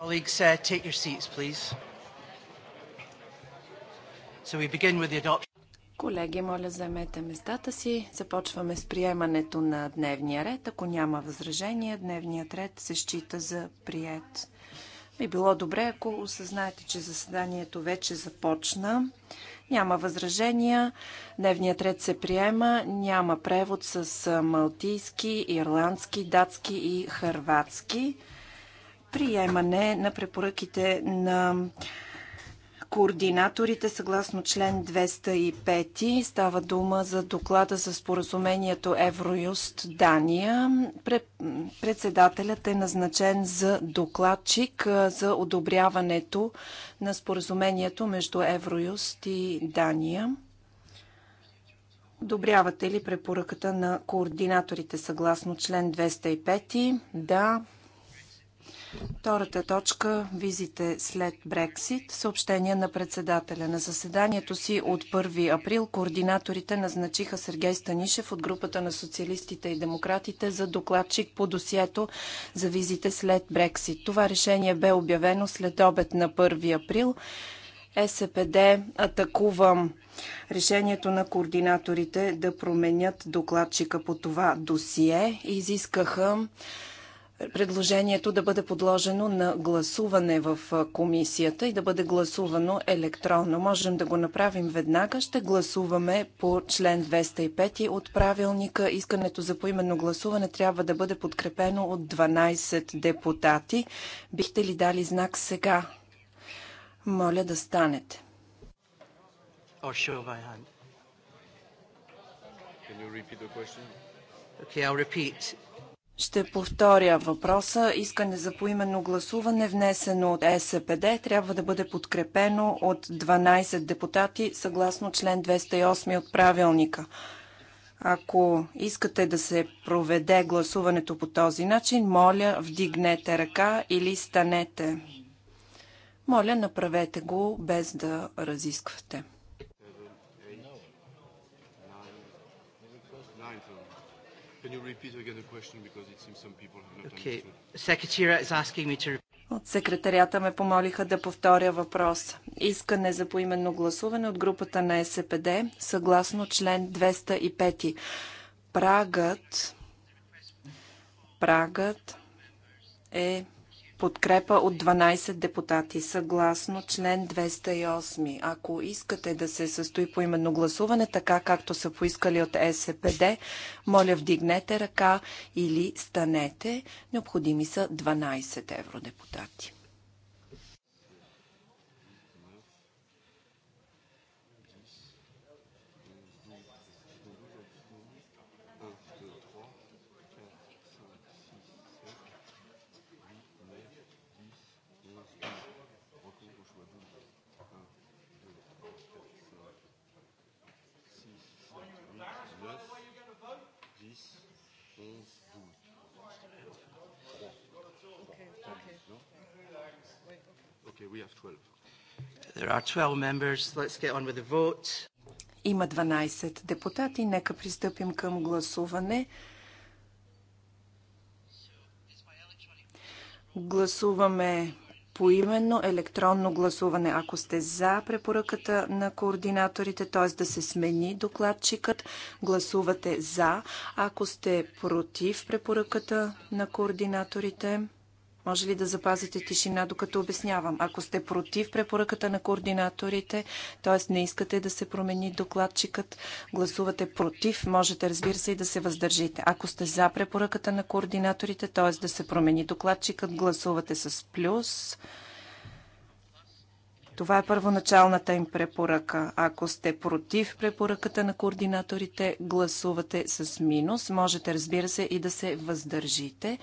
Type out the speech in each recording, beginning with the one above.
Colleagues, uh, take your seats, please. So we begin with the adoption. Колеги, моля заемете местата си. Започваме с приемането на дневния ред. Ако няма възражение, дневният ред се счита за прият. Би било добре, ако осъзнаете, че заседанието вече започна. Няма възражения. Дневният ред се приема. Няма превод с малтийски, ирландски, датски и хърватски приемане на препоръките на координаторите съгласно член 205 става дума за доклада за споразумението Евроюст Дания. Председателят е назначен за докладчик за одобряването на споразумението между Евроюст и Дания. Одобрявате ли препоръката на координаторите съгласно член 205? Да. Втората точка – визите след Брексит. Съобщение на председателя. На заседанието си от 1 април координаторите назначиха Сергей Станишев от групата на социалистите и демократите за докладчик по досието за визите след Брексит. Това решение бе обявено след обед на 1 април. СПД е атакува решението на координаторите да променят докладчика по това досие. Изискаха предложението да бъде подложено на гласуване в комисията и да бъде гласувано електронно. Можем да го направим веднага. Ще гласуваме по член 205 от правилника. Искането за поименно гласуване трябва да бъде подкрепено от 12 депутати. Бихте ли дали знак сега? Моля да станете. Oh, Can you repeat the question? Okay, I'll repeat. Ще повторя въпроса. Искане за поименно гласуване, внесено от СПД, трябва да бъде подкрепено от 12 депутати, съгласно член 208 от правилника. Ако искате да се проведе гласуването по този начин, моля, вдигнете ръка или станете. Моля, направете го без да разисквате. Okay. To... От секретарията ме помолиха да повторя въпрос. Искане за поименно гласуване от групата на СПД, съгласно член 205. Прагът, прагът е подкрепа от 12 депутати, съгласно член 208. Ако искате да се състои по именно гласуване, така както са поискали от СПД, моля вдигнете ръка или станете. Необходими са 12 евродепутати. 11, 12. Okay, okay. Okay, we have 12. There are 12 members. Let's get on with the vote. Има 12 депутати. Нека пристъпим към гласуване. Гласуваме поименно електронно гласуване. Ако сте за препоръката на координаторите, т.е. да се смени докладчикът, гласувате за. Ако сте против препоръката на координаторите, може ли да запазите тишина, докато обяснявам? Ако сте против препоръката на координаторите, т.е. не искате да се промени докладчикът, гласувате против, можете, разбира се, и да се въздържите. Ако сте за препоръката на координаторите, т.е. да се промени докладчикът, гласувате с плюс. Това е първоначалната им препоръка. Ако сте против препоръката на координаторите, гласувате с минус. Можете, разбира се, и да се въздържите.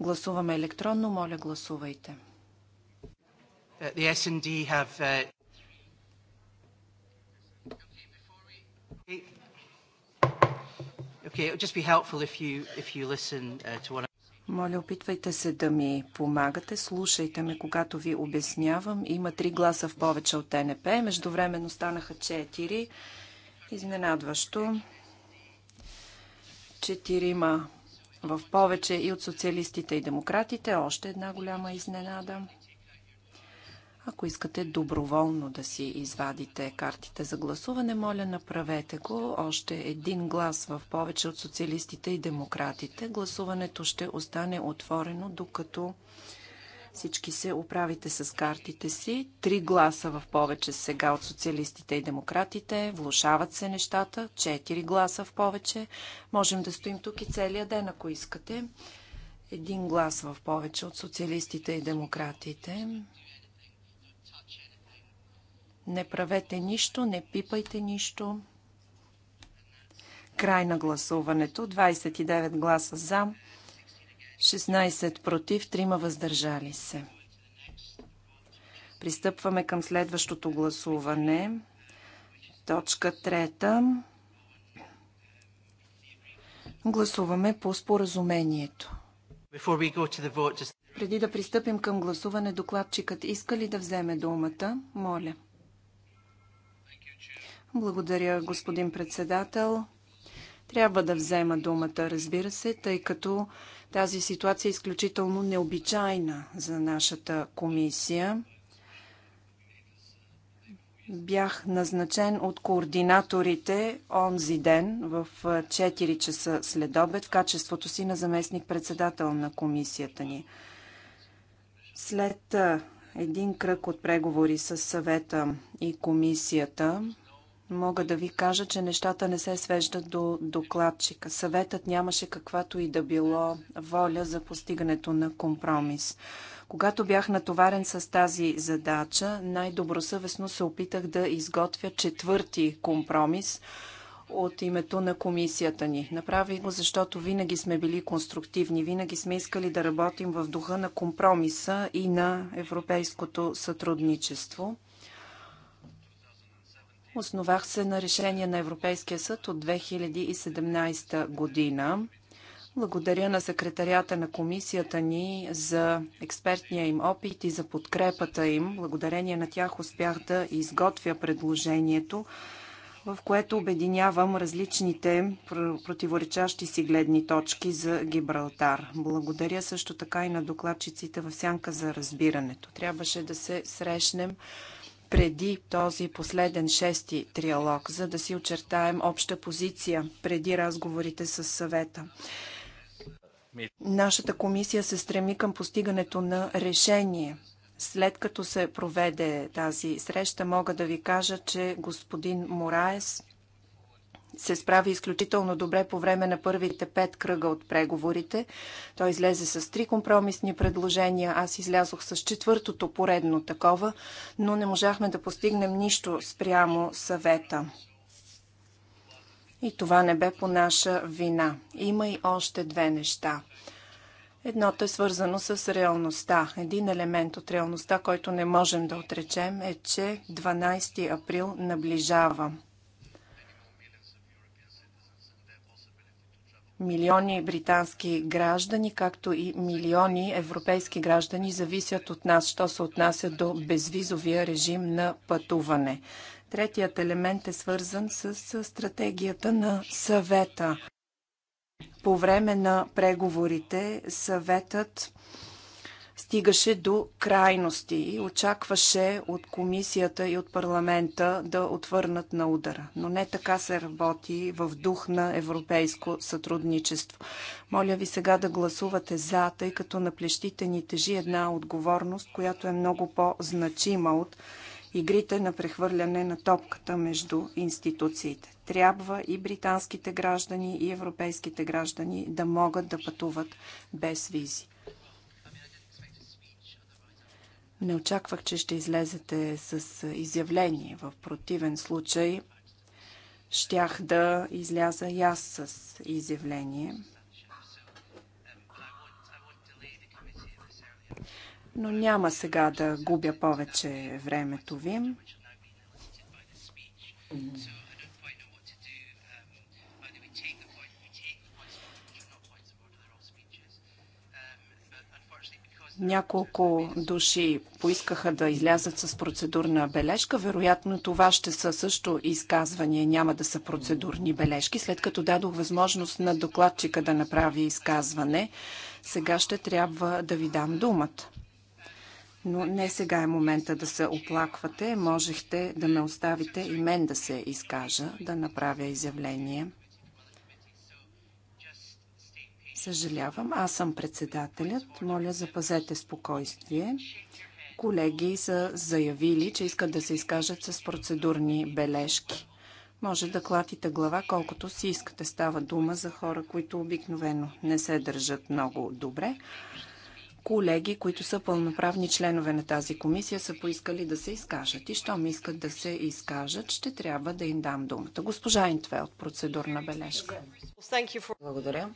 Гласуваме електронно. Моля, гласувайте. Е, е, okay, it would just be helpful if you if you listen uh, to one моля, опитвайте се да ми помагате. Слушайте ме, когато ви обяснявам. Има три гласа в повече от ТНП. Междувременно станаха четири. Изненадващо. Четирима в повече и от социалистите и демократите. Още една голяма изненада. Ако искате доброволно да си извадите картите за гласуване, моля направете го. Още един глас в повече от социалистите и демократите. Гласуването ще остане отворено, докато всички се оправите с картите си. Три гласа в повече сега от социалистите и демократите. Влушават се нещата. Четири гласа в повече. Можем да стоим тук и целия ден, ако искате. Един глас в повече от социалистите и демократите. Не правете нищо, не пипайте нищо. Край на гласуването. 29 гласа за, 16 против, 3 въздържали се. Пристъпваме към следващото гласуване. Точка 3. Гласуваме по споразумението. Преди да пристъпим към гласуване, докладчикът иска ли да вземе думата? Моля. Благодаря, господин председател. Трябва да взема думата, разбира се, тъй като тази ситуация е изключително необичайна за нашата комисия. Бях назначен от координаторите онзи ден в 4 часа след обед в качеството си на заместник-председател на комисията ни. След един кръг от преговори с съвета и комисията, Мога да ви кажа, че нещата не се свеждат до докладчика. Съветът нямаше каквато и да било воля за постигането на компромис. Когато бях натоварен с тази задача, най-добросъвестно се опитах да изготвя четвърти компромис от името на комисията ни. Направи го, защото винаги сме били конструктивни, винаги сме искали да работим в духа на компромиса и на европейското сътрудничество. Основах се на решение на Европейския съд от 2017 година. Благодаря на секретарията на комисията ни за експертния им опит и за подкрепата им. Благодарение на тях успях да изготвя предложението, в което обединявам различните противоречащи си гледни точки за Гибралтар. Благодаря също така и на докладчиците в сянка за разбирането. Трябваше да се срещнем преди този последен шести триалог, за да си очертаем обща позиция преди разговорите с съвета. Нашата комисия се стреми към постигането на решение. След като се проведе тази среща, мога да ви кажа, че господин Мораес се справи изключително добре по време на първите пет кръга от преговорите. Той излезе с три компромисни предложения, аз излязох с четвъртото поредно такова, но не можахме да постигнем нищо спрямо съвета. И това не бе по наша вина. Има и още две неща. Едното е свързано с реалността. Един елемент от реалността, който не можем да отречем, е, че 12 април наближава. Милиони британски граждани, както и милиони европейски граждани зависят от нас, що се отнася до безвизовия режим на пътуване. Третият елемент е свързан с стратегията на съвета. По време на преговорите съветът стигаше до крайности и очакваше от комисията и от парламента да отвърнат на удара. Но не така се работи в дух на европейско сътрудничество. Моля ви сега да гласувате за, тъй като на плещите ни тежи една отговорност, която е много по-значима от игрите на прехвърляне на топката между институциите. Трябва и британските граждани, и европейските граждани да могат да пътуват без визи. Не очаквах, че ще излезете с изявление. В противен случай щях да изляза и аз с изявление. Но няма сега да губя повече времето ви. Няколко души поискаха да излязат с процедурна бележка. Вероятно това ще са също изказвания, няма да са процедурни бележки. След като дадох възможност на докладчика да направи изказване, сега ще трябва да ви дам думата. Но не сега е момента да се оплаквате. Можехте да ме оставите и мен да се изкажа, да направя изявление. Съжалявам, аз съм председателят. Моля, запазете спокойствие. Колеги са заявили, че искат да се изкажат с процедурни бележки. Може да клатите глава колкото си искате. Става дума за хора, които обикновено не се държат много добре. Колеги, които са пълноправни членове на тази комисия, са поискали да се изкажат. И щом искат да се изкажат, ще трябва да им дам думата. Госпожа Интвел, процедурна бележка. Благодаря.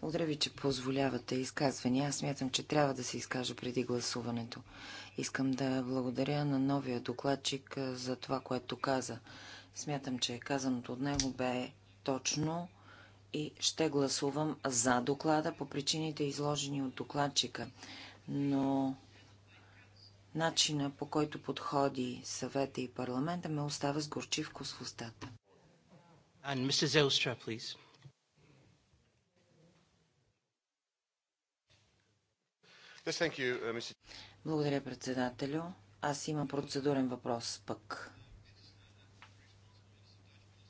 Благодаря ви, че позволявате изказвания. Аз смятам, че трябва да се изкажа преди гласуването. Искам да благодаря на новия докладчик за това, което каза. Смятам, че казаното от него бе точно и ще гласувам за доклада по причините изложени от докладчика. Но начина по който подходи съвета и парламента ме остава с горчивко с в устата. And Mrs. Elstra, please. Uh, Благодаря, председателю. Аз имам процедурен въпрос пък.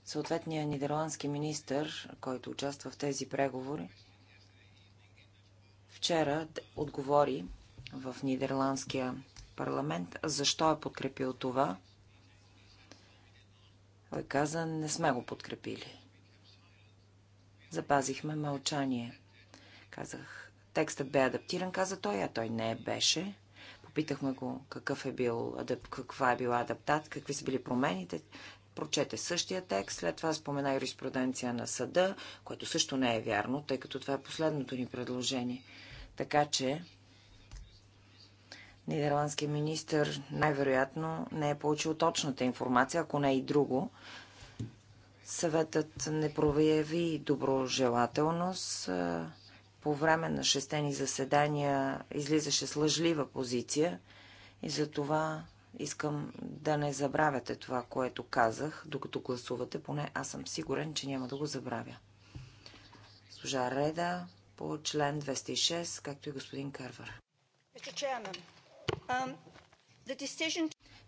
Съответният нидерландски министр, който участва в тези преговори, вчера отговори в нидерландския парламент защо е подкрепил това. Той каза, не сме го подкрепили. Запазихме мълчание. Казах, Текстът бе адаптиран, каза той, а той не беше. Попитахме го какъв е бил, каква е била адаптат, какви са били промените. Прочете същия текст, след това спомена юриспруденция на съда, което също не е вярно, тъй като това е последното ни предложение. Така че нидерландският министр най-вероятно не е получил точната информация, ако не и друго. Съветът не прояви доброжелателност по време на шестени заседания излизаше с лъжлива позиция и за това искам да не забравяте това, което казах, докато гласувате, поне аз съм сигурен, че няма да го забравя. Служа Реда по член 206, както и господин Карвар. Um,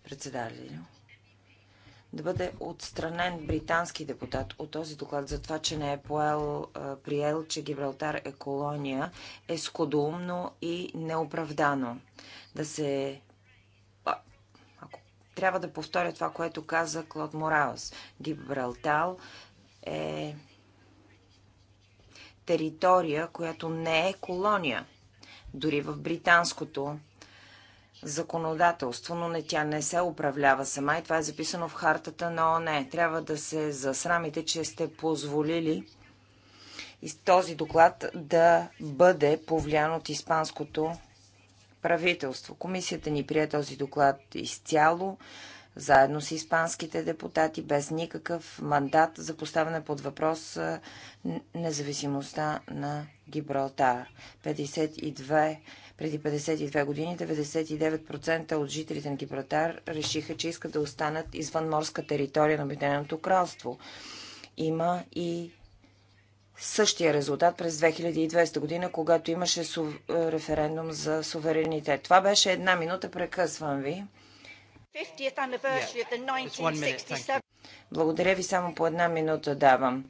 Председателю, да бъде отстранен британски депутат от този доклад за това, че не е поел, приел, че Гибралтар е колония, е скодоумно и неоправдано. Да се ако трябва да повторя това, което каза Клод Мораус. Гибралтал е територия, която не е колония. Дори в британското законодателство, но не, тя не се управлява сама и това е записано в хартата на ОНЕ. Трябва да се засрамите, че сте позволили и този доклад да бъде повлиян от испанското правителство. Комисията ни прие този доклад изцяло заедно с испанските депутати, без никакъв мандат за поставяне под въпрос независимостта на Гибралтар. 52, преди 52 години 99% от жителите на Гибралтар решиха, че искат да останат извън морска територия на Обединеното кралство. Има и същия резултат през 2020 година, когато имаше референдум за суверенитет. Това беше една минута, прекъсвам ви. Благодаря ви, само по една минута давам.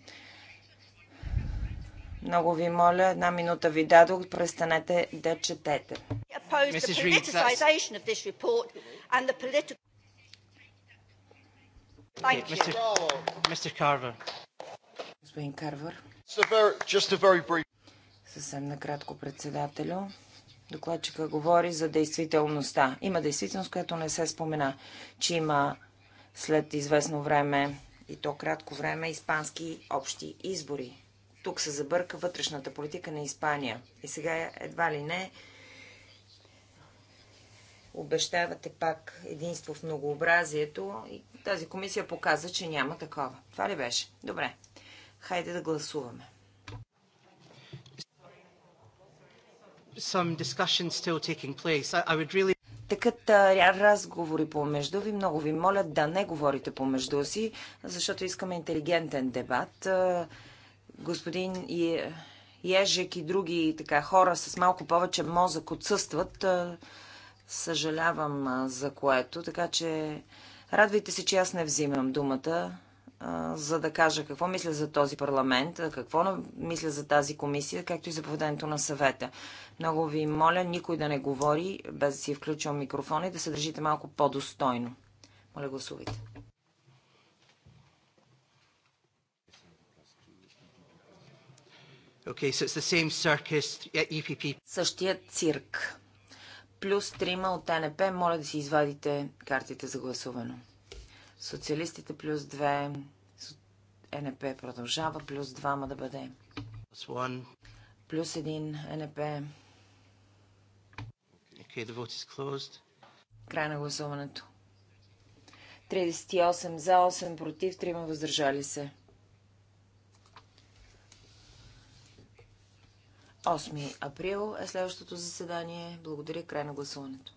Много ви моля, една минута ви дадох, престанете да четете. Господин Карвар. Съвсем накратко, председателю. Докладчика говори за действителността. Има действителност, която не се спомена, че има след известно време и то кратко време испански общи избори. Тук се забърка вътрешната политика на Испания. И сега едва ли не обещавате пак единство в многообразието и тази комисия показа, че няма такова. Това ли беше? Добре. Хайде да гласуваме. some discussions still taking place. I, I would really Текат разговори помежду ви. Много ви моля да не говорите помежду си, защото искаме интелигентен дебат. Господин Ежек и други така хора с малко повече мозък отсъстват. Съжалявам за което, така че радвайте се, че аз не взимам думата за да кажа какво мисля за този парламент, какво мисля за тази комисия, както и за поведението на съвета. Много ви моля никой да не говори, без да си е включвам микрофона и да се държите малко по-достойно. Моля, гласувайте. Okay, so it's the same circus, EPP. E Същия цирк. Плюс трима от ТНП, моля да си извадите картите за гласуване. Социалистите плюс 2. НП продължава. Плюс 2 ма да бъде. Плюс 1 НП. Okay, Край на гласуването. 38 за, 8 против, 3 въздържали се. Осми април е следващото заседание. Благодаря. Край на гласуването.